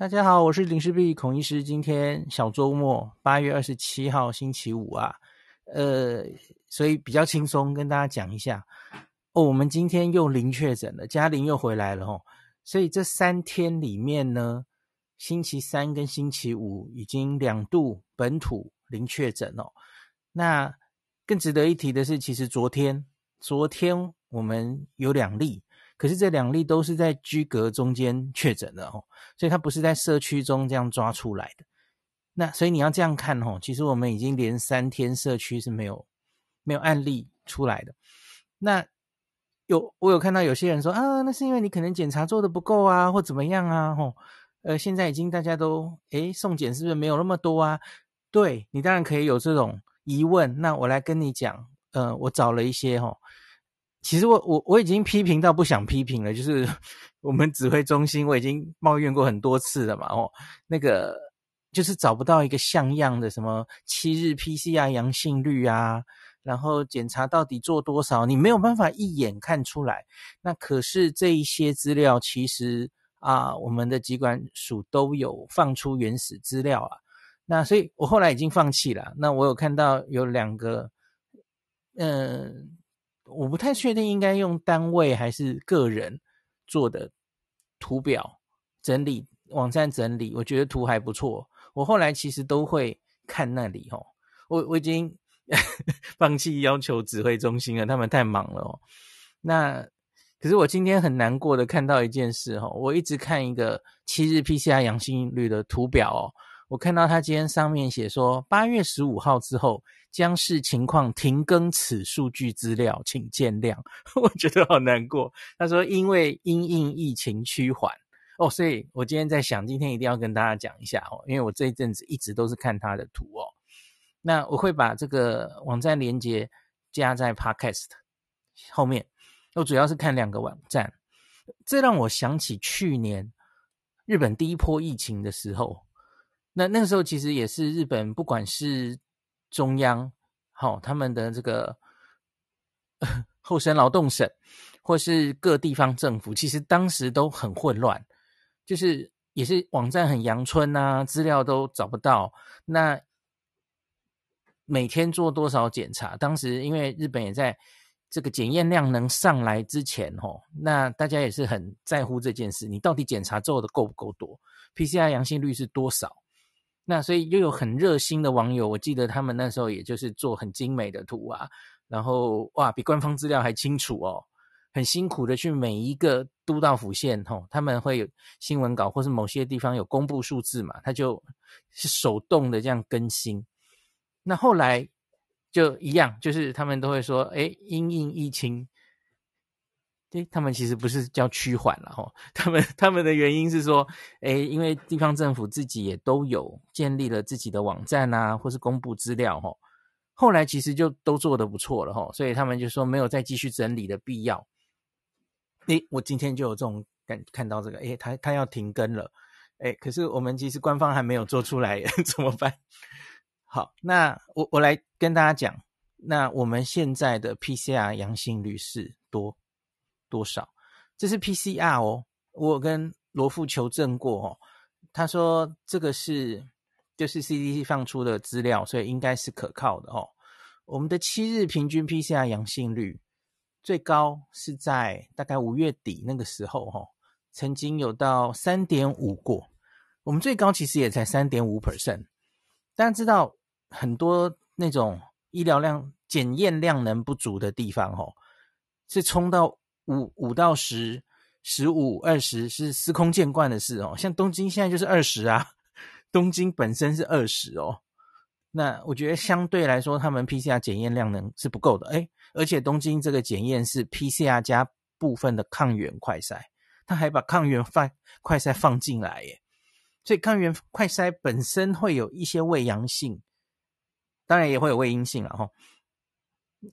大家好，我是林氏璧孔醫師。今天小周末，八月二十七號星期五啊，呃，所以比較輕鬆，跟大家講一下哦。我們今天又零確診了，嘉玲又回來了吼、哦。所以這三天裡面呢，星期三跟星期五已經兩度本土零確診哦。那更值得一提的是，其實昨天，昨天我們有兩例。可是這兩例都是在居隔中間確診的哦，所以它不是在社區中這樣抓出來的。那所以你要這樣看吼，其實我們已經連三天社區是沒有沒有案例出來的。那有我有看到有些人說啊，那是因為你可能檢查做得不夠啊，或怎麼樣啊，吼，呃，現在已經大家都誒，送檢是不是沒有那麼多啊？對你當然可以有這種疑問，那我來跟你講，呃，我找了一些吼。其實我我我已經批評到不想批評了，就是我們指揮中心我已經抱怨過很多次了嘛，哦，那個就是找不到一個像樣的什麼七日 PCR 陽性率啊，然後檢查到底做多少，你沒有辦法一眼看出來。那可是這一些資料其實啊，我們的疾管署都有放出原始資料啊。那所以我後來已經放棄了。那我有看到有兩個，嗯、呃。我不太確定應該用單位還是個人做的圖表整理網站整理，我覺得圖還不錯。我後來其實都會看那裡哦。我我已經放棄要求指揮中心了，他們太忙了哦。那可是我今天很難過的看到一件事哦，我一直看一個七日 PCR 陽性率的圖表哦。我看到他今天上面寫說，八月十五號之後將視情況停更此數據資料，請見諒。 我覺得好難過。他說，因為因應疫情趨緩哦，oh, 所以我今天在想，今天一定要跟大家講一下哦，因為我這一陣子一直都是看他的圖哦。那我會把這個網站連結加在 Podcast 後面。我主要是看兩個網站，這讓我想起去年日本第一波疫情的時候。那那個時候其實也是日本，不管是中央好、哦，他們的這個厚生勞動省，或是各地方政府，其實當時都很混亂，就是也是網站很陽春吶、啊，資料都找不到。那每天做多少檢查？當時因為日本也在這個檢驗量能上來之前哦，那大家也是很在乎這件事，你到底檢查做的夠不夠多？PCR 陽性率是多少？那所以又有很熱心的網友，我記得他們那時候也就是做很精美的圖啊，然後哇，比官方資料還清楚哦，很辛苦的去每一個都道府縣吼，他們會有新聞稿或是某些地方有公布數字嘛，他就手動的這樣更新。那後來就一樣，就是他們都會說，哎、欸，因應疫情。」對、欸、他們其實不是叫趨緩了哈，他們他們的原因是說，誒、欸，因為地方政府自己也都有建立了自己的網站吶、啊，或是公布資料哈，後來其實就都做得不錯了哈，所以他們就說沒有再繼續整理的必要。誒、欸，我今天就有這種感，看到這個，誒、欸，他他要停更了，誒、欸，可是我們其實官方還沒有做出來， 怎麼辦？好，那我我來跟大家講，那我們現在的 PCR 陽性率是多？多少？這是 PCR 哦，我跟羅副求證過哦，他說這個是就是 CDC 放出的資料，所以應該是可靠的哦。我們的七日平均 PCR 陽性率最高是在大概五月底那個時候哦，曾經有到三點五過。我們最高其實也才三點五 percent。大家知道很多那種醫療量檢驗量能不足的地方哦，是衝到。五五到十、十五、二十是司空見慣的事哦。像東京現在就是二十啊，東京本身是二十哦。那我覺得相對來說，他們 PCR 檢驗量能是不夠的。哎，而且東京這個檢驗是 PCR 加部分的抗原快篩，他還把抗原快快篩放進來耶。所以抗原快篩本身會有一些偽陽性，當然也會有偽陰性了哈。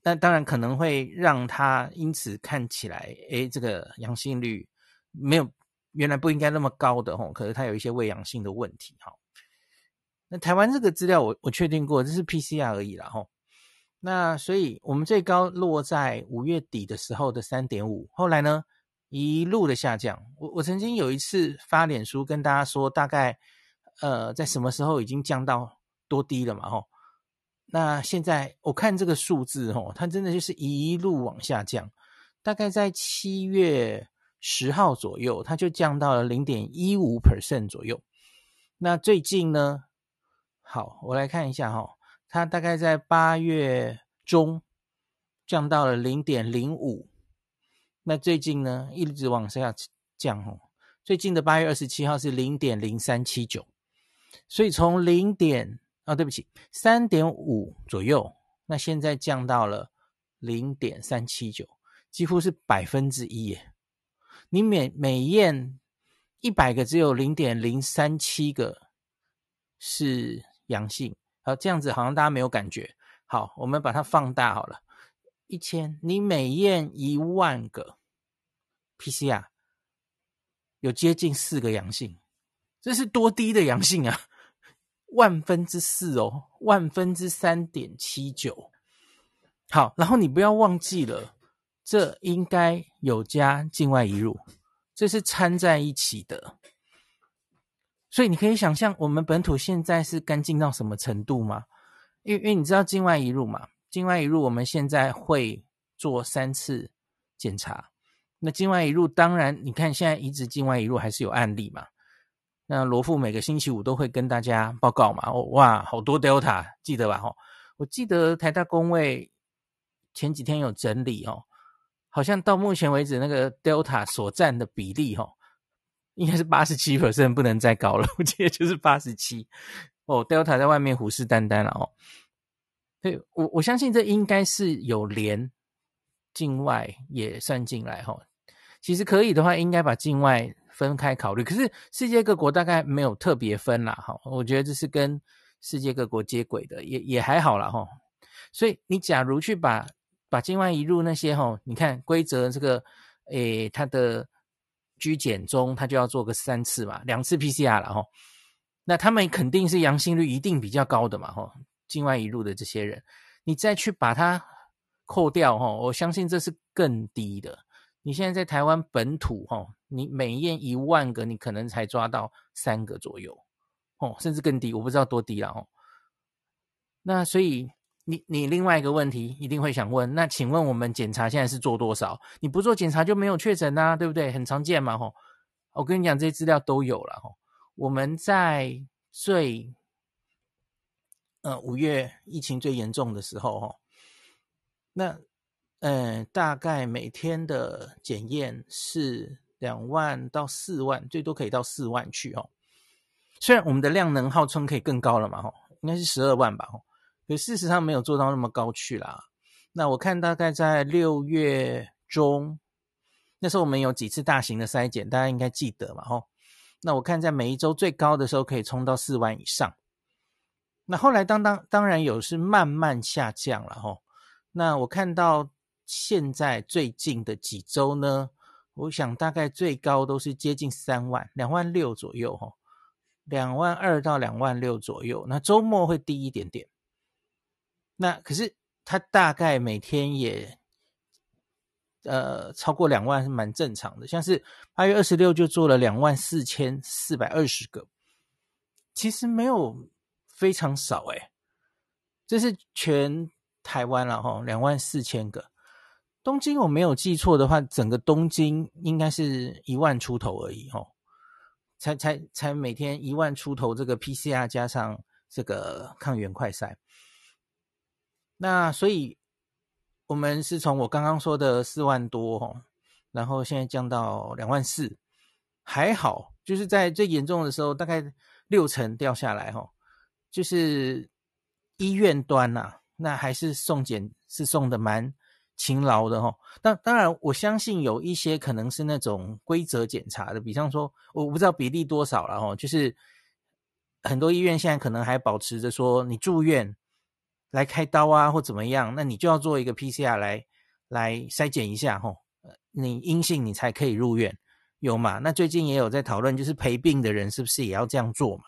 那當然可能會讓他因此看起來，誒這個陽性率沒有原來不應該那麼高的吼，可是他有一些偽陽性的問題哈。那台灣這個資料我我確定過，這是 PCR 而已啦吼。那所以我們最高落在五月底的時候的三點五，後來呢一路的下降。我我曾經有一次發臉書跟大家說，大概呃在什麼時候已經降到多低了嘛吼。那現在我看這個數字哦，它真的就是一路往下降，大概在七月十號左右，它就降到了零點一五 percent 左右。那最近呢，好，我來看一下哈、哦，它大概在八月中降到了零點零五。那最近呢，一直往下降哦。最近的八月二十七號是零點零三七九，所以從零點。啊、哦，對不起，三點五左右，那現在降到了零點三七九，幾乎是百分之一耶。你每每驗一百個，只有零點零三七個是陽性。好，這樣子好像大家沒有感覺。好，我們把它放大好了，一千，你每驗一萬個 PCR，有接近四個陽性，這是多低的陽性啊！萬分之四哦，萬分之三點七九。好，然後你不要忘記了，這應該有加境外移入，這是摻在一起的。所以你可以想象，我們本土現在是乾淨到什麼程度嗎？因為因為你知道境外移入嘛，境外移入我們現在會做三次檢查。那境外移入當然，你看現在移植境外移入還是有案例嘛？那羅副每個星期五都會跟大家報告嘛。哦，哇，好多 Delta，記得吧？哈，我記得台大公衛前幾天有整理哦，好像到目前為止那個 Delta 所佔的比例哈，應該是八十七 percent，不能再高了。我記得就是八十七。哦，Delta 在外面虎視眈眈了哦。對，我我相信這應該是有連境外也算進來哈。其實可以的話，應該把境外。分開考慮，可是世界各國大概沒有特別分啦，哈，我覺得這是跟世界各國接軌的，也也還好啦、哦，哈。所以你假如去把把境外移入那些、哦，哈，你看規則這個，誒，他的居檢中他就要做個三次嘛，兩次 PCR 啦，哈。那他們肯定是陽性率一定比較高的嘛，哈。境外移入的這些人，你再去把它扣掉、哦，哈，我相信這是更低的。你現在在台灣本土、哦，哈。你每驗一萬個，你可能才抓到三個左右，哦，甚至更低，我不知道多低了哦。那所以你你另外一個問題一定會想問，那請問我們檢查現在是做多少？你不做檢查就沒有確診呐，啊，對不對？很常見嘛，吼。我跟你講，這些資料都有了，我們在最，呃，五月疫情最嚴重的時候，吼，那，呃，大概每天的檢驗是。兩萬到四萬，最多可以到四萬去哦。雖然我們的量能號稱可以更高了嘛，吼，應該是十二萬吧，吼。可事實上沒有做到那麼高去啦。那我看大概在六月中，那時候我們有幾次大型的篩檢，大家應該記得嘛，吼。那我看在每一周最高的時候可以衝到四萬以上。那後來當當當然有是慢慢下降了，吼。那我看到現在最近的幾周呢？我想大概最高都是接近三萬，兩萬六左右哈，兩萬二到兩萬六左右。那周末會低一點點。那可是它大概每天也，呃，超過兩萬是蠻正常的。像是八月二十六就做了兩萬四千四百二十個，其實沒有非常少誒，這是全台灣了哈，兩萬四千個。東京，我沒有記錯的話，整個東京應該是一萬出頭而已，哦，才才才每天一萬出頭。這個 PCR 加上這個抗原快篩，那所以我們是從我剛剛說的四萬多，哦，然後現在降到兩萬四，還好，就是在最嚴重的時候大概六成掉下來，哦，吼，就是醫院端吶，啊，那還是送檢是送的蠻勤勞的哈，但當然我相信有一些可能是那種規則檢查的，比方說我不知道比例多少了哈，就是很多醫院現在可能還保持着說你住院來開刀啊或怎麼樣，那你就要做一個 PCR 來來篩檢一下哈，你陰性你才可以入院有嘛？那最近也有在討論，就是陪病的人是不是也要這樣做嘛？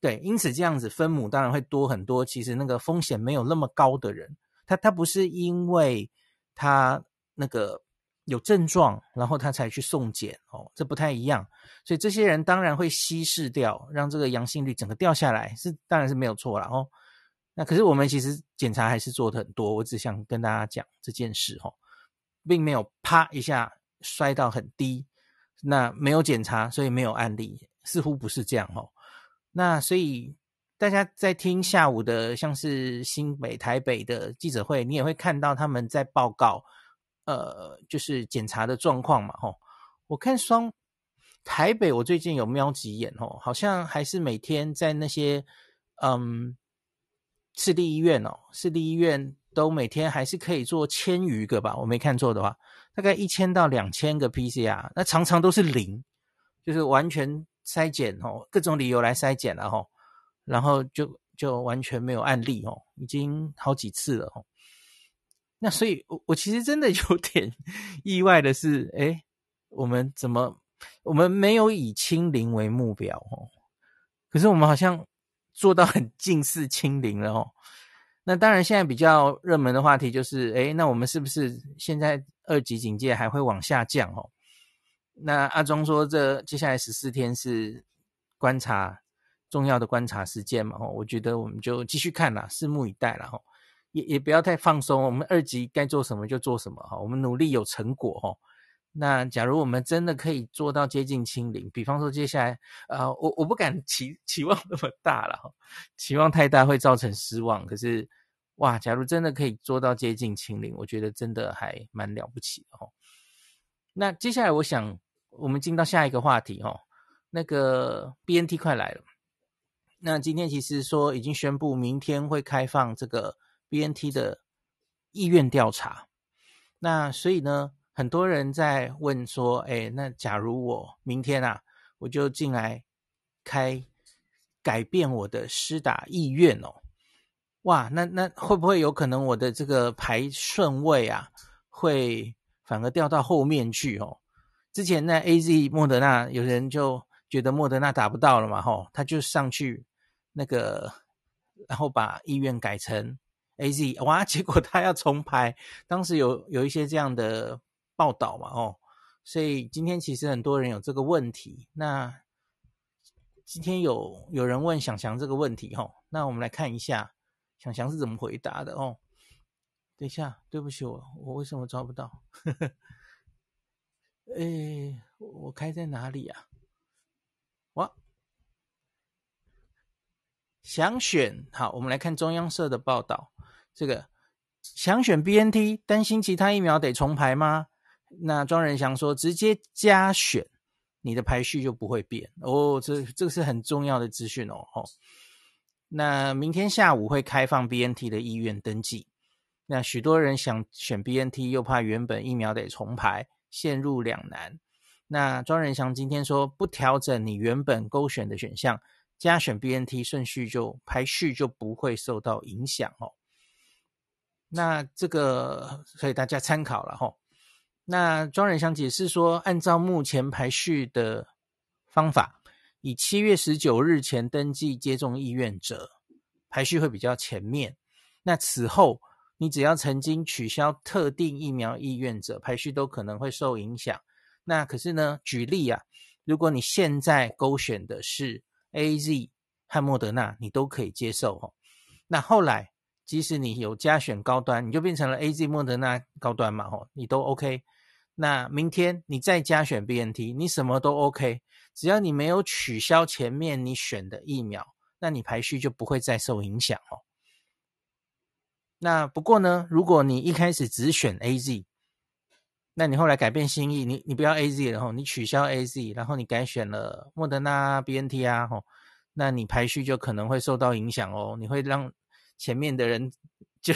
對，因此這樣子分母當然會多很多，其實那個風險沒有那麼高的人，他他不是因為。他那個有症狀，然後他才去送檢哦，這不太一樣。所以這些人當然會稀釋掉，讓這個陽性率整個掉下來，是當然是沒有錯啦哦。那可是我們其實檢查還是做得很多，我只想跟大家講這件事哦，並沒有啪一下摔到很低。那沒有檢查，所以沒有案例，似乎不是這樣哦。那所以。大家在聽下午的，像是新北、台北的記者會，你也會看到他們在報告，呃，就是檢查的狀況嘛，吼。我看雙台北，我最近有瞄幾眼，吼，好像還是每天在那些，嗯，市立醫院哦，市立醫院都每天還是可以做千餘個吧，我沒看錯的話，大概一千到兩千個 PCR，那常常都是零，就是完全篩檢哦，各種理由來篩檢了，吼。然後就就完全沒有案例哦，已經好幾次了哦。那所以我，我我其實真的有點意外的是，哎，我們怎麼我們沒有以清零為目標哦？可是我們好像做到很近似清零了哦。那當然，現在比較熱門的話題就是，哎，那我們是不是現在二級警戒還會往下降哦？那阿中說，這接下來十四天是觀察。重要的觀察時間嘛，吼，我覺得我們就繼續看啦，拭目以待啦，吼，也也不要太放鬆，我們二級該做什麼就做什麼，哈，我們努力有成果，吼，那假如我們真的可以做到接近清零，比方說接下來，啊，呃，我我不敢期期望那麼大了，期望太大會造成失望，可是，哇，假如真的可以做到接近清零，我覺得真的還蠻了不起的，吼，那接下來我想我們進到下一個話題，吼，那個 BNT 快來了。那今天其實說已經宣布，明天會開放這個 BNT 的意願調查。那所以呢，很多人在問說，誒、哎，那假如我明天啊，我就進來開改變我的施打意願哦，哇，那那會不會有可能我的這個排順位啊，會反而掉到後面去哦？之前那 AZ 莫德納有人就覺得莫德納打不到了嘛，吼、哦，他就上去。那個，然後把醫院改成 AZ 哇，結果他要重拍，當時有有一些這樣的報道嘛哦，所以今天其實很多人有這個問題，那今天有有人問小翔這個問題哦，那我們來看一下小翔是怎麼回答的哦。等一下，對不起我，我為什麼抓不到？呵 哎、欸，我開在哪裡啊？哇！想選好，我們來看中央社的報道。這個想選 BNT，擔心其他疫苗得重排嗎？那莊人祥說，直接加選，你的排序就不會變。哦，這這個是很重要的資訊哦。吼，那明天下午會開放 BNT 的意願登記。那許多人想選 BNT，又怕原本疫苗得重排，陷入兩難。那莊人祥今天說，不調整你原本勾選的選項。加選 BNT 順序就排序就不會受到影響哦。那這個可以大家參考了哈、哦。那莊人祥解釋說，按照目前排序的方法，以七月十九日前登記接種意願者，排序會比較前面。那此後，你只要曾經取消特定疫苗意願者，排序都可能會受影響。那可是呢，舉例啊，如果你現在勾選的是。A Z 和莫德納你都可以接受哦。那後來，即使你有加選高端，你就變成了 A Z 莫德納高端嘛哦，你都 O K。那明天你再加選 B N T，你什麼都 O K，只要你沒有取消前面你選的疫苗，那你排序就不會再受影響哦。那不過呢，如果你一開始只選 A Z。那你後來改變心意，你你不要 AZ，然後你取消 AZ，然後你改選了莫德納 BNT 啊，吼，那你排序就可能會受到影響哦，你會讓前面的人就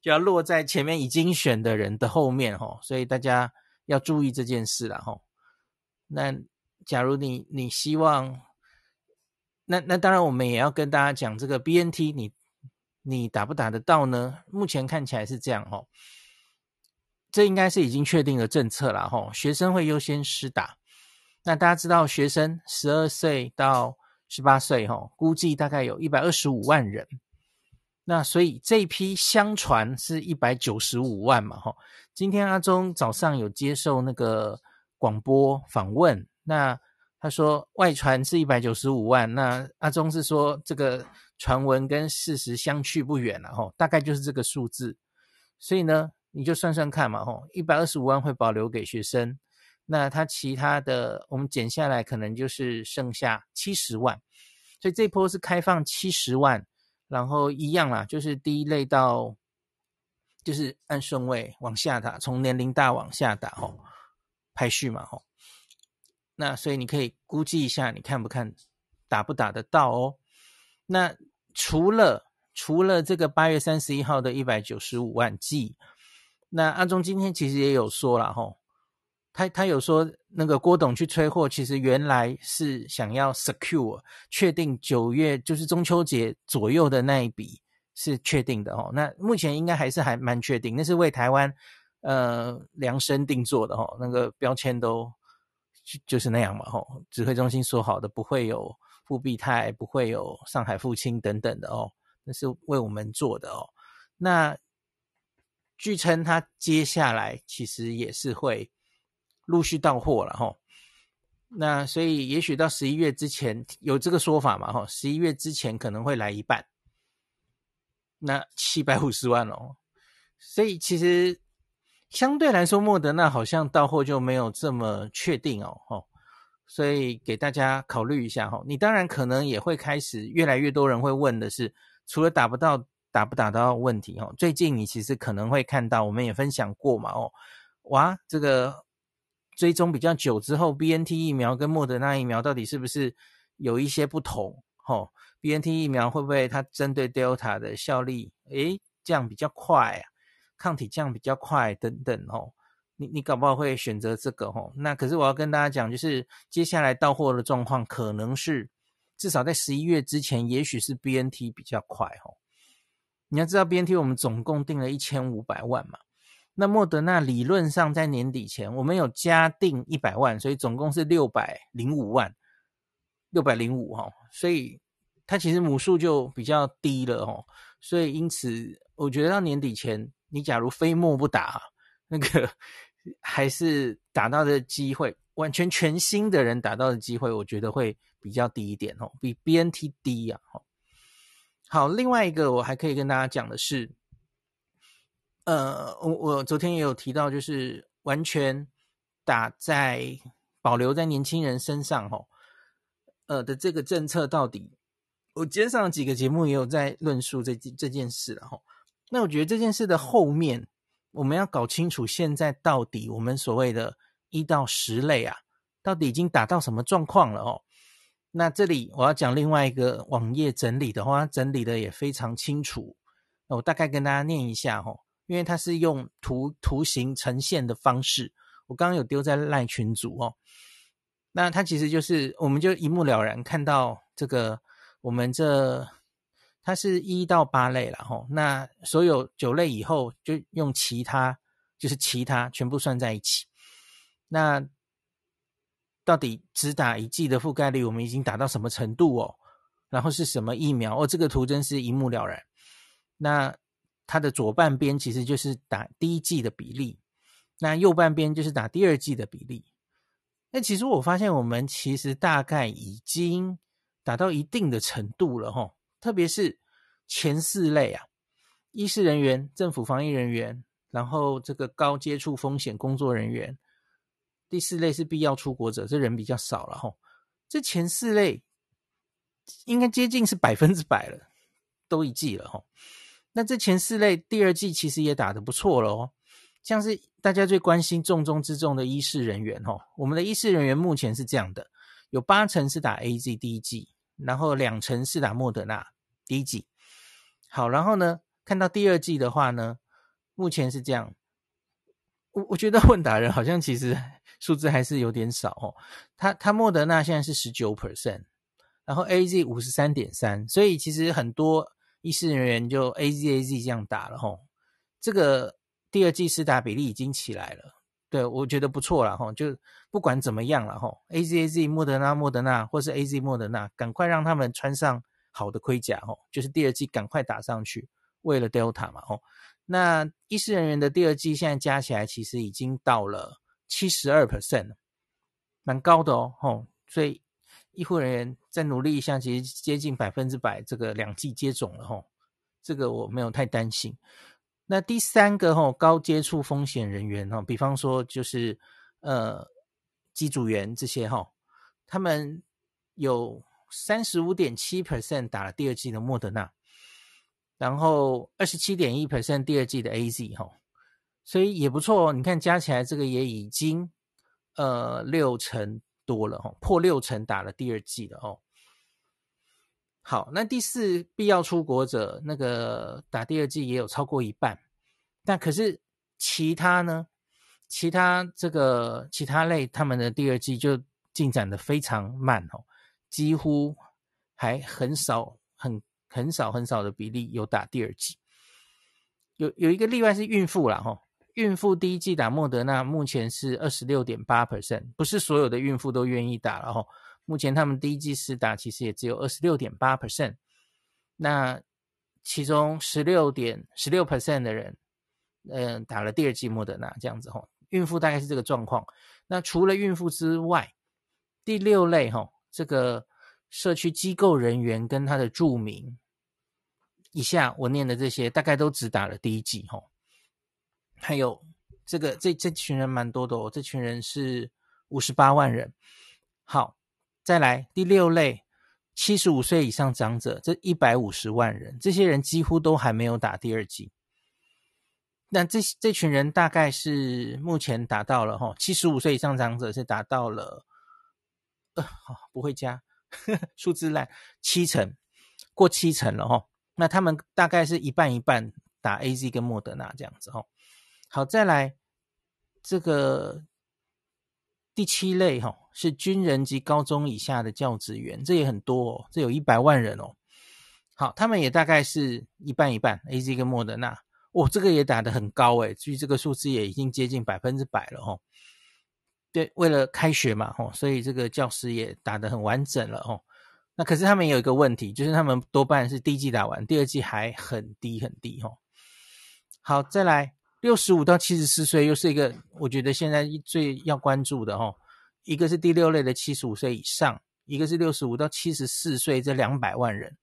就要落在前面已經選的人的後面哦，吼，所以大家要注意這件事了，吼。那假如你你希望，那那當然我們也要跟大家講這個 BNT，你你打不打得到呢？目前看起來是這樣，哦。這應該是已經確定的政策了哈，學生會優先施打。那大家知道，學生十二歲到十八歲哈，估計大概有一百二十五萬人。那所以這一批相傳是一百九十五萬嘛哈。今天阿中早上有接受那個廣播訪問，那他說外傳是一百九十五萬，那阿中是說這個傳聞跟事實相去不遠了哈，大概就是這個數字。所以呢？你就算算看嘛，吼，一百二十五萬會保留給學生，那他其他的我們減下來，可能就是剩下七十萬，所以這波是開放七十萬，然後一樣啦，就是第一類到，就是按順位往下打，從年齡大往下打，吼，排序嘛，吼，那所以你可以估計一下，你看不看，打不打得到哦？那除了除了這個八月三十一號的一百九十五萬劑。那阿中今天其實也有說了吼、哦，他他有說那個郭董去催貨，其實原來是想要 secure 確定九月就是中秋節左右的那一筆是確定的哦。那目前應該還是還蠻確定，那是為台灣呃量身定做的哦。那個標籤都就是那樣嘛吼、哦，指揮中心說好的不會有復必泰，不會有上海復星等等的哦，那是為我們做的哦。那。據稱，他接下來其實也是會陸續到貨了哈。那所以，也許到十一月之前有這個說法嘛哈？十一月之前可能會來一半，那七百五十萬哦、喔。所以其實相對來說，莫德納好像到貨就沒有這麼確定哦、喔。所以給大家考慮一下哈。你當然可能也會開始越來越多人會問的是，除了打不到。打不打到問題哦？最近你其實可能會看到，我們也分享過嘛哦。哇，這個追蹤比較久之後，BNT 疫苗跟莫德納疫苗到底是不是有一些不同？哦，BNT 疫苗會不會它針對 Delta 的效力，誒，降比較快啊，抗體降比較快等等哦。你你搞不好會選擇這個哦。那可是我要跟大家講，就是接下來到貨的狀況可能是至少在十一月之前，也許是 BNT 比較快哦。你要知道，BNT 我們總共訂了一千五百萬嘛，那莫德納理論上在年底前我們有加訂一百萬，所以總共是六百零五萬，六百零五哦，所以它其實母數就比較低了哦，所以因此我覺得到年底前，你假如非莫不打、啊，那個還是打到的機會，完全全新的人打到的機會，我覺得會比較低一點哦，比 BNT 低呀，哈。好，另外一個我還可以跟大家講的是，呃，我我昨天也有提到，就是完全打在保留在年輕人身上哈，呃的這個政策到底，我今天上了幾個節目也有在論述這這件事了哈。那我覺得這件事的後面，我們要搞清楚現在到底我們所謂的一到十類啊，到底已經打到什麼狀況了哦。那這裡我要講另外一個網頁整理的話，整理的也非常清楚。我大概跟大家念一下哈、哦，因為它是用圖圖形呈現的方式。我剛剛有丟在賴群組哦。那它其實就是，我們就一目了然看到這個，我們這它是一到八類了哈。那所有九類以後就用其他，就是其他全部算在一起。那到底只打一劑的覆蓋率，我們已經打到什麼程度哦？然後是什麼疫苗哦？這個圖真是一目了然。那它的左半邊其實就是打第一劑的比例，那右半邊就是打第二劑的比例。那其實我發現，我們其實大概已經打到一定的程度了哦，特別是前四類啊，醫事人員、政府防疫人員，然後這個高接觸風險工作人員。第四類是必要出國者，這人比較少了哈。這前四類應該接近是百分之百了，都一劑了哈。那這前四類第二劑其實也打得不錯了哦，像是大家最關心、重中之重的醫事人員哈。我們的醫事人員目前是這樣的，有八成是打 A Z 第一劑，然後兩成是打莫德納第一劑。好，然後呢，看到第二劑的話呢，目前是這樣，我我覺得問答人好像其實。數字還是有點少哦，他他莫德納現在是十九 percent，然後 A Z 五十三點三，所以其實很多醫事人員就 A Z A Z 這樣打了吼，這個第二劑施打比例已經起來了，對，我覺得不錯了吼，就不管怎麼樣了吼，A Z A Z 莫德納莫德納或是 A Z 莫德納，趕快讓他們穿上好的盔甲吼，就是第二劑趕快打上去，為了 Delta 嘛吼，那醫事人員的第二劑現在加起來其實已經到了七十二 percent，蠻高的哦，吼，所以醫護人員再努力一下，其實接近百分之百這個兩劑接種了，吼，這個我沒有太擔心。那第三個吼，高接觸風險人員吼，比方說就是呃機組員這些吼，他們有三十五點七 percent 打了第二劑的莫德納，然後二十七點一 percent 第二劑的 AZ 吼。所以也不錯哦，你看加起來這個也已經呃六成多了哈，破六成打了第二劑了哦。好，那第四，必要出國者那個打第二劑也有超過一半，但可是其他呢？其他這個其他類他們的第二劑就進展的非常慢哦，幾乎還很少很很少很少的比例有打第二劑，有有一個例外是孕婦了哈。孕婦第一劑打莫德納，目前是二十六點八 percent，不是所有的孕婦都願意打了吼、哦。目前他們第一劑是打，其實也只有二十六點八 percent。那其中十六點十六 percent 的人，嗯，打了第二劑莫德納這樣子吼、哦。孕婦大概是這個狀況。那除了孕婦之外，第六類哈、哦，這個社區機構人員跟他的住民，以下我念的這些，大概都只打了第一劑吼、哦。還有這個這這群人蠻多的，哦，這群人是五十八萬人。好，再來第六類，七十五歲以上長者這一百五十萬人，這些人幾乎都還沒有打第二劑。那這這群人大概是目前達到了哈、哦，七十五歲以上長者是達到了呃，好不會加呵呵數字爛七成，過七成了哈、哦。那他們大概是一半一半打 AZ 跟莫德納這樣子哈、哦。好，再來這個第七類哈、哦，是軍人及高中以下的教職員，這也很多哦，這有一百萬人哦。好，他們也大概是一半一半，AZ 跟莫德納，哦，這個也打得很高哎，據這個數字也已經接近百分之百了哦。對，為了開學嘛，哦，所以這個教師也打得很完整了哦。那可是他們也有一個問題，就是他們多半是第一劑打完，第二劑還很低很低哦。好，再來。六十五到七十四歲又是一個我覺得現在最要關注的哈、哦，一個是第六類的七十五歲以上，一個是六十五到七十四歲，這兩百萬人，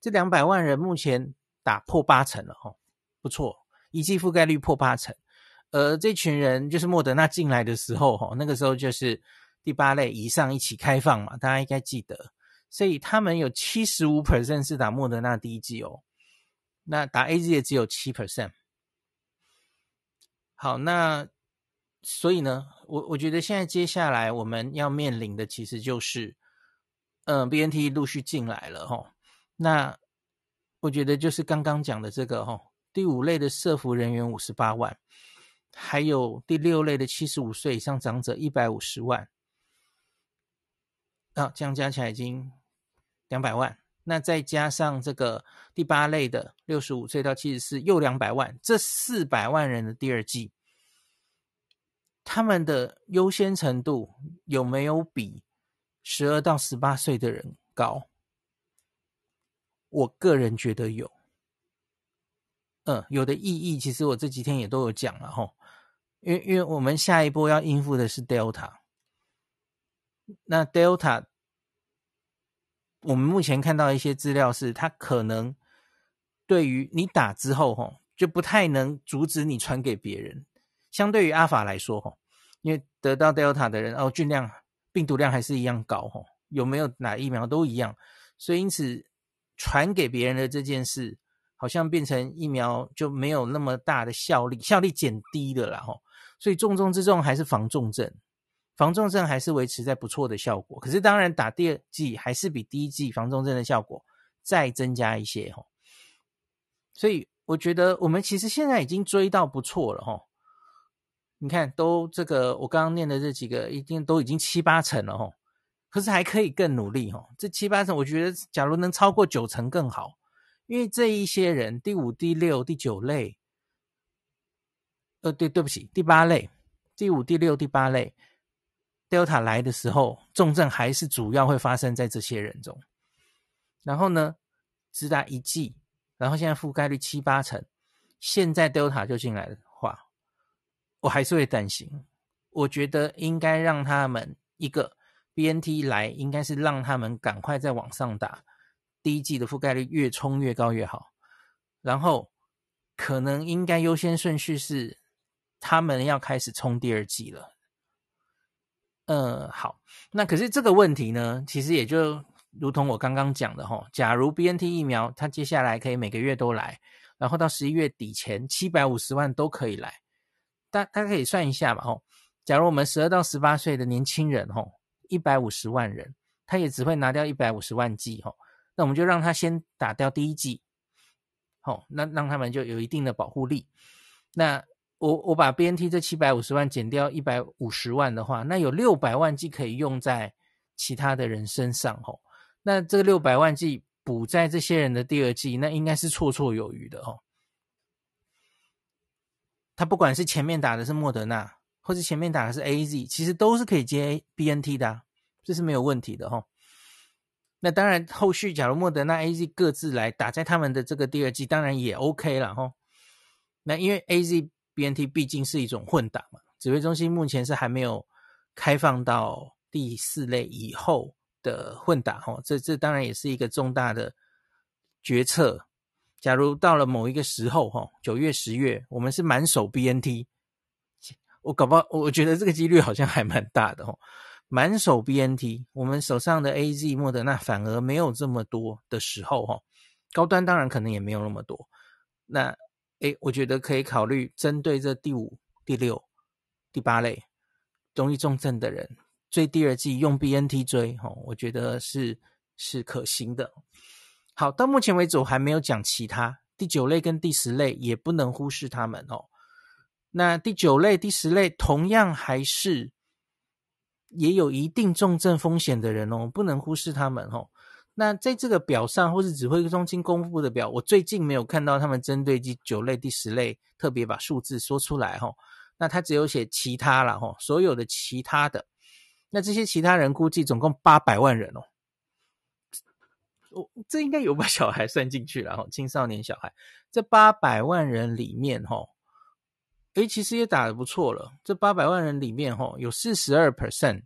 這兩百萬人目前打破八成了哈、哦，不錯，一劑覆蓋率破八成，而這群人就是莫德納進來的時候哈、哦，那個時候就是第八類以上一起開放嘛，大家應該記得，所以他們有七十五 percent 是打莫德納第一劑哦，那打 AZ 也只有七 percent。好，那所以呢，我我覺得現在接下來我們要面臨的其實就是，嗯、呃、，BNT 陸續進來了哈、哦，那我覺得就是剛剛講的這個哈、哦，第五類的社福人員五十八萬，還有第六類的七十五歲以上長者一百五十萬，啊，這樣加起來已經兩百萬。那再加上這個第八類的六十五歲到七十四又兩百萬，這四百萬人的第二劑，他們的優先程度有沒有比十二到十八歲的人高？我個人覺得有，嗯、呃，有的意義。其實我這幾天也都有講了哈，因為因為我們下一波要應付的是 Delta，那 Delta。我們目前看到一些資料，是它可能對於你打之後，吼，就不太能阻止你傳給別人，相對於阿法來說，吼，因為得到 Delta 的人，哦，菌量病毒量還是一樣高，哦，有沒有打疫苗都一樣，所以因此傳給別人的這件事，好像變成疫苗就沒有那麼大的效力，效力減低了啦，吼。所以重中之重還是防重症。防重症還是維持在不錯的效果，可是當然打第二劑還是比第一劑防重症的效果再增加一些哈。所以我覺得我們其實現在已經追到不錯了哈。你看都這個我剛剛念的這幾個，已經都已經七八成了哈。可是還可以更努力哈。這七八成我覺得，假如能超過九成更好，因為這一些人第五、第六、第九類，呃對對不起，第八類，第五、第六、第八類。Delta 來的時候，重症還是主要會發生在這些人中。然後呢，只打一劑，然後現在覆蓋率七八成，現在 Delta 就進來的話，我還是會擔心。我覺得應該讓他們一個 BNT 來，應該是讓他們趕快再往上打，第一劑的覆蓋率越衝越高越好。然後可能應該優先順序是，他們要開始衝第二劑了。嗯、呃，好，那可是這個問題呢，其實也就如同我剛剛講的吼，假如 BNT 疫苗它接下來可以每個月都來，然後到十一月底前七百五十萬都可以來，大大家可以算一下嘛吼，假如我們十二到十八歲的年輕人吼一百五十萬人，他也只會拿掉一百五十萬劑吼，那我們就讓他先打掉第一劑，吼，那讓他們就有一定的保護力，那。我我把 BNT 這七百五十萬減掉一百五十萬的話，那有六百萬劑可以用在其他的人身上吼。那這個六百萬劑補在這些人的第二劑，那應該是綽綽有餘的吼。他不管是前面打的是莫德納，或者前面打的是 AZ，其實都是可以接 BNT 的，這是沒有問題的吼。那當然後續假如莫德納、AZ 各自來打在他們的這個第二劑，當然也 OK 了吼。那因為 AZ。BNT 畢竟是一種混打嘛，指揮中心目前是還沒有開放到第四類以後的混打哈、哦。這這當然也是一個重大的決策。假如到了某一個時候哈、哦，九月十月，我們是滿手 BNT，我搞不好，我覺得這個幾率好像還蠻大的哈、哦。滿手 BNT，我們手上的 AZ 莫德納反而沒有這麼多的時候哈、哦。高端當然可能也沒有那麼多，那。誒，我覺得可以考慮針對這第五、第六、第八類容易重症的人，追第二劑用 BNT 追，吼、哦，我覺得是是可行的。好，到目前為止我還沒有講其他第九類跟第十類，也不能忽視他們哦。那第九類、第十類同樣還是也有一定重症風險的人哦，不能忽視他們哦。那在這個表上，或是指揮中心公布的表，我最近沒有看到他們針對第九類、第十類特別把數字說出來哈、哦。那他只有寫其他了哈，所有的其他的。那這些其他人估計總共八百萬人哦。我這應該有把小孩算進去了哈、哦，青少年小孩。這八百萬人裡面哈、哦，誒，其實也打得不錯了。這八百萬人裡面哈、哦，有四十二 percent。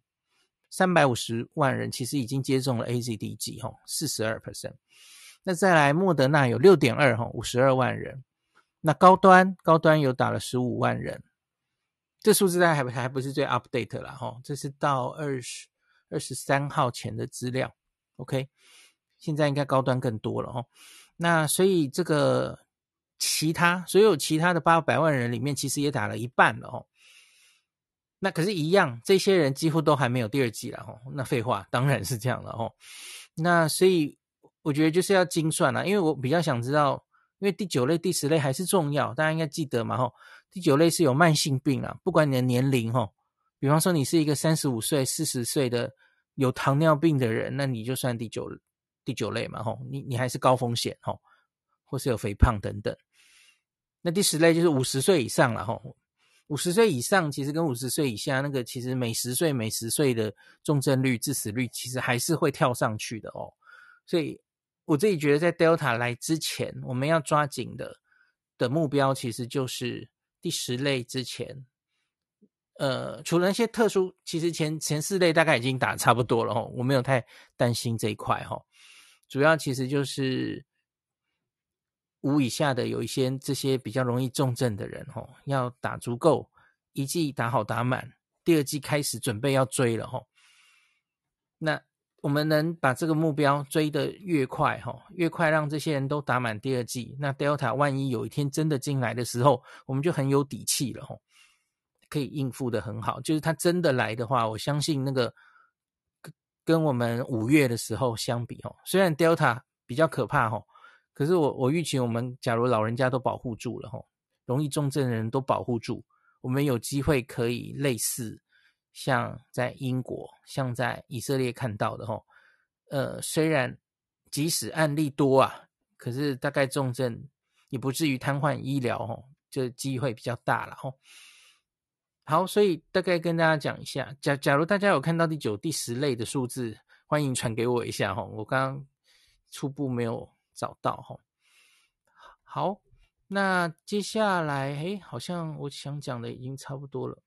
三百五十萬人其實已經接種了 AZDG 哈，四十二 percent。那再來莫德納有六點二，哈，五十二萬人。那高端高端有打了十五萬人。這數字大家還還還不是最 update 了，哈，這是到二十二十三號前的資料。OK，現在應該高端更多了，哈。那所以這個其他所有其他的八百萬人裡面，其實也打了一半了，哦。那可是，一樣，這些人幾乎都還沒有第二劑了吼。那廢話，當然是這樣了吼。那所以，我覺得就是要精算了啊，因為我比較想知道，因為第九類、第十類還是重要，大家應該記得嘛吼。第九類是有慢性病啊，不管你的年齡吼，比方說你是一個三十五歲、四十歲的有糖尿病的人，那你就算第九第九類嘛吼，你你還是高風險吼，或是有肥胖等等。那第十類就是五十歲以上了吼。五十歲以上，其實跟五十歲以下那個，其實每十歲每十歲的重症率、致死率，其實還是會跳上去的哦。所以我自己覺得，在 Delta 來之前，我們要抓緊的的目標，其實就是第十類之前。呃，除了那些特殊，其實前前四類大概已經打差不多了哦，我沒有太擔心這一塊哈。主要其實就是。五以下的有一些這些比較容易重症的人，哦，吼，要打足夠一劑，打好打滿，第二劑開始準備要追了，哦，吼。那我們能把這個目標追得越快，哦，吼，越快讓這些人都打滿第二劑，那 Delta 萬一有一天真的進來的時候，我們就很有底氣了，哦，吼，可以應付得很好。就是他真的來的話，我相信那個跟跟我們五月的時候相比，哦，吼，雖然 Delta 比較可怕，哦，吼。可是我我預期，我們假如老人家都保護住了吼，容易重症的人都保護住，我們有機會可以類似像在英國、像在以色列看到的吼，呃，雖然即使案例多啊，可是大概重症也不至於癱瘓醫療吼，這機會比較大了吼。好，所以大概跟大家講一下，假假如大家有看到第九、第十類的數字，歡迎傳給我一下吼，我剛剛初步沒有。找到哈，好，那接下來誒、欸，好像我想講的已經差不多了。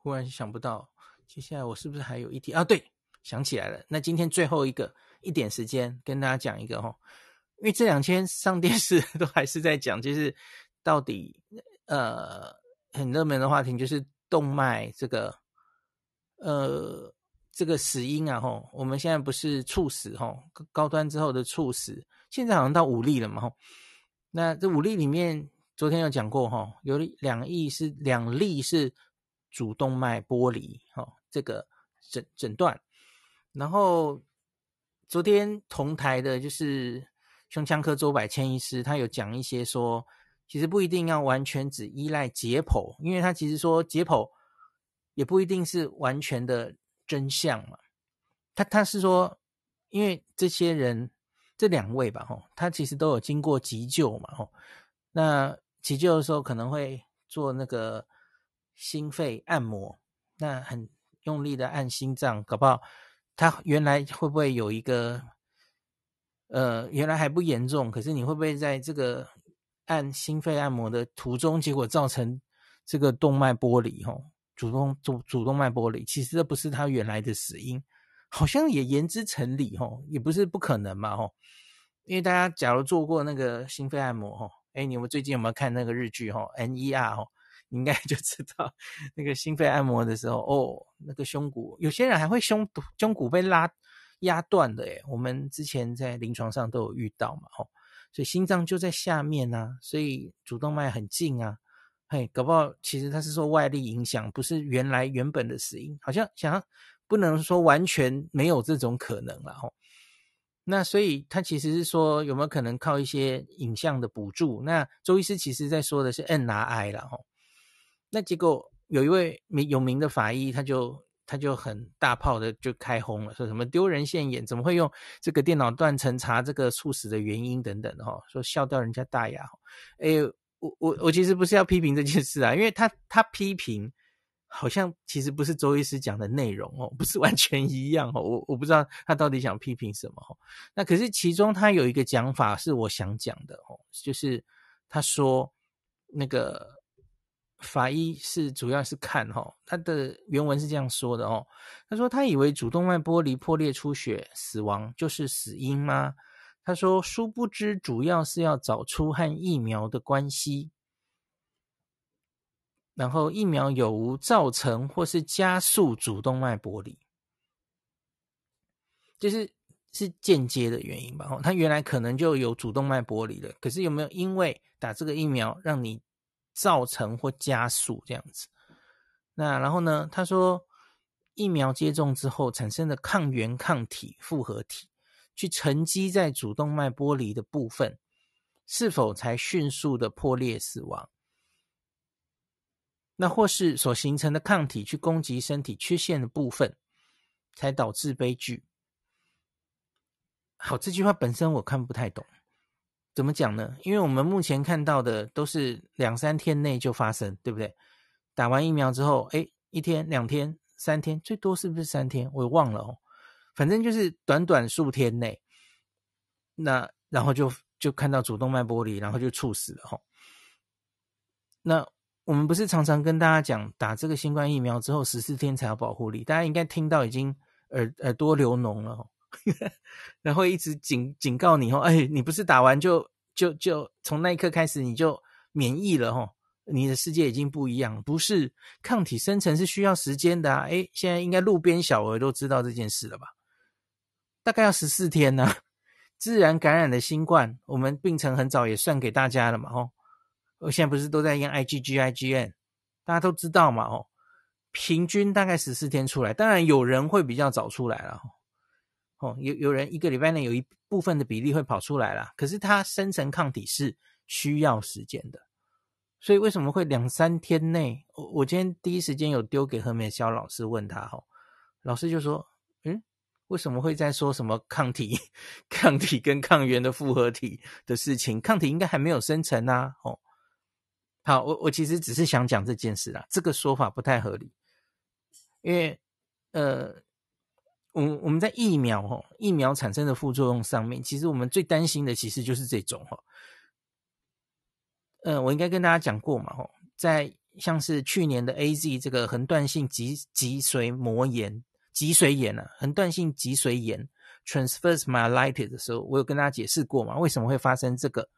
忽然想不到，接下來我是不是還有一點，啊？對，想起來了。那今天最後一個一點時間跟大家講一個哈，因為這兩天上電視都還是在講，就是到底呃，很熱門的話題，就是動脈這個呃。這個死因啊，吼，我們現在不是猝死，吼，高端之後的猝死，現在好像到五例了嘛，吼，那這五例裡面，昨天有講過，哈，有兩例是兩例是主動脈剝離，哈，這個診診斷，然後昨天同台的就是胸腔科周百千醫師，他有講一些說，其實不一定要完全只依賴解剖，因為他其實說解剖也不一定是完全的。真相嘛，他他是說，因為這些人這兩位吧，吼、哦，他其實都有經過急救嘛，吼、哦，那急救的時候可能會做那個心肺按摩，那很用力的按心臟，搞不好他原來會不會有一個，呃，原來還不嚴重，可是你會不會在這個按心肺按摩的途中，結果造成這個動脈剝離，吼、哦？主動主主動脈剝離，其實這不是他原來的死因，好像也言之成理吼，也不是不可能嘛吼。因為大家假如做過那個心肺按摩吼，哎，你們最近有沒有看那個日劇吼？N E R 吼，NER，你應該就知道那個心肺按摩的時候哦，那個胸骨有些人還會胸胸骨被拉壓斷的哎。我們之前在臨床上都有遇到嘛吼，所以心臟就在下面啊，所以主動脈很近啊。嘿，搞不好其實他是受外力影響，不是原來原本的死因，好像想不能說完全沒有這種可能了哈、哦。那所以他其實是說有沒有可能靠一些影像的補助？那周醫師其實在說的是 MRI 了哈、哦。那結果有一位有名的法醫，他就他就很大炮的就開轟了，說什麼丟人現眼，怎麼會用這個電腦斷層查這個猝死的原因等等哈、哦，說笑掉人家大牙，哎呦我我我其實不是要批評這件事啊，因為他他批評好像其實不是周醫師講的內容哦，不是完全一樣哦。我我不知道他到底想批評什麼。那可是其中他有一個講法是我想講的哦，就是他說那個法醫是主要是看哦，他的原文是這樣說的哦。他說他以為主動脈剝離破裂出血死亡就是死因嗎？他說：“殊不知，主要是要找出和疫苗的關係，然後疫苗有無造成或是加速主動脈剝離，就是是間接的原因吧？哦，他原來可能就有主動脈剝離了，可是有沒有因為打這個疫苗讓你造成或加速這樣子？那然後呢？他說，疫苗接種之後產生的抗原抗體複合體。”去沉積在主動脈剝離的部分，是否才迅速的破裂死亡？那或是所形成的抗體去攻擊身體缺陷的部分，才導致悲劇？好，這句話本身我看不太懂，怎麼講呢？因為我們目前看到的都是兩三天內就發生，對不對？打完疫苗之後，誒，一天、兩天、三天，最多是不是三天？我也忘了哦。反正就是短短數天內，那然後就就看到主動脈剝離，然後就猝死了哈、哦。那我們不是常常跟大家講，打這個新冠疫苗之後十四天才有保護力，大家應該聽到已經耳耳朵流膿了、哦， 然後一直警警告你哦，哎，你不是打完就就就，就從那一刻開始你就免疫了哈、哦，你的世界已經不一樣，不是抗體生成是需要時間的啊。哎，現在應該路邊小鵝都知道這件事了吧？大概要十四天呢，啊，自然感染的新冠，我們病程很早也算給大家了嘛，哦，我現在不是都在驗 IgG、IgM，大家都知道嘛，哦，平均大概十四天出來，當然有人會比較早出來了，哦，有有人一個禮拜內有一部分的比例會跑出來了，可是它生成抗體是需要時間的，所以為什麼會兩三天內？我我今天第一時間有丟給何美鄉老師問他，吼，老師就說。為什麼會在說什麼抗體、抗體跟抗原的複合體的事情？抗體應該還沒有生成吶、啊，哦。好，我我其實只是想講這件事啦，這個說法不太合理。因為，呃，我我們在疫苗哈疫苗產生的副作用上面，其實我們最擔心的其實就是這種哈。嗯、呃，我應該跟大家講過嘛，哦，在像是去年的 AZ 這個橫斷性脊脊髓膜炎。脊髓炎呢、啊，橫斷性脊髓炎 （transverse myelitis） 的時候，我有跟大家解釋過嘛，為什麼會發生這個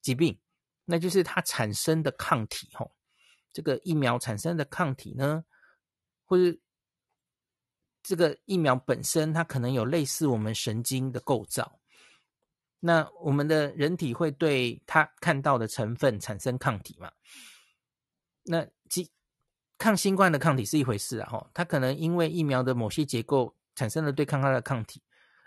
疾病？那就是它產生的抗體、哦，吼，這個疫苗產生的抗體呢，或者這個疫苗本身，它可能有類似我們神經的構造，那我們的人體會對它看到的成分產生抗體嘛？那其。抗新冠的抗體是一回事啊，吼，它可能因為疫苗的某些結構產生了對抗它的抗體，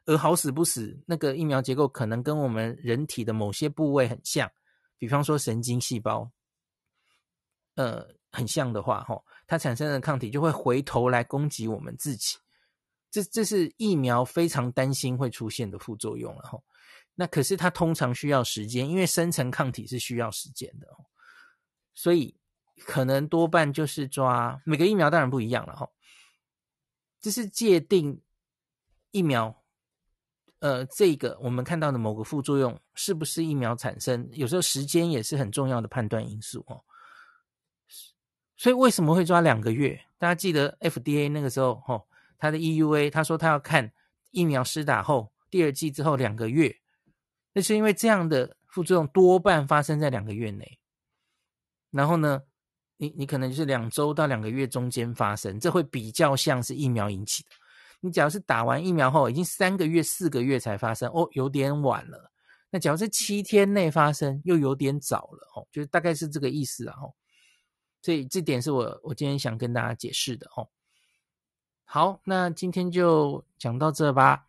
而好死不死，那個疫苗結構可能跟我們人體的某些部位很像，比方說神經細胞，呃，很像的話，吼，它產生的抗體就會回頭來攻擊我們自己，這這是疫苗非常擔心會出現的副作用了，吼。那可是它通常需要時間，因為生成抗體是需要時間的，所以。可能多半就是抓，每個疫苗當然不一樣了哈，這是界定疫苗呃，這個我們看到的某個副作用是不是疫苗產生，有時候時間也是很重要的判斷因素哦。所以為什麼會抓兩個月？大家記得 FDA 那個時候哈，他的 EUA 他說他要看疫苗施打後第二劑之後兩個月，那是因為這樣的副作用多半發生在兩個月內，然後呢，你你可能就是兩週到兩個月中間發生，這會比較像是疫苗引起的。你假如是打完疫苗後已經三個月、四個月才發生，哦，有點晚了。那假如是七天內發生，又有點早了哦，就是大概是這個意思哦。所以這點是我我今天想跟大家解釋的哦。好，那今天就講到這吧。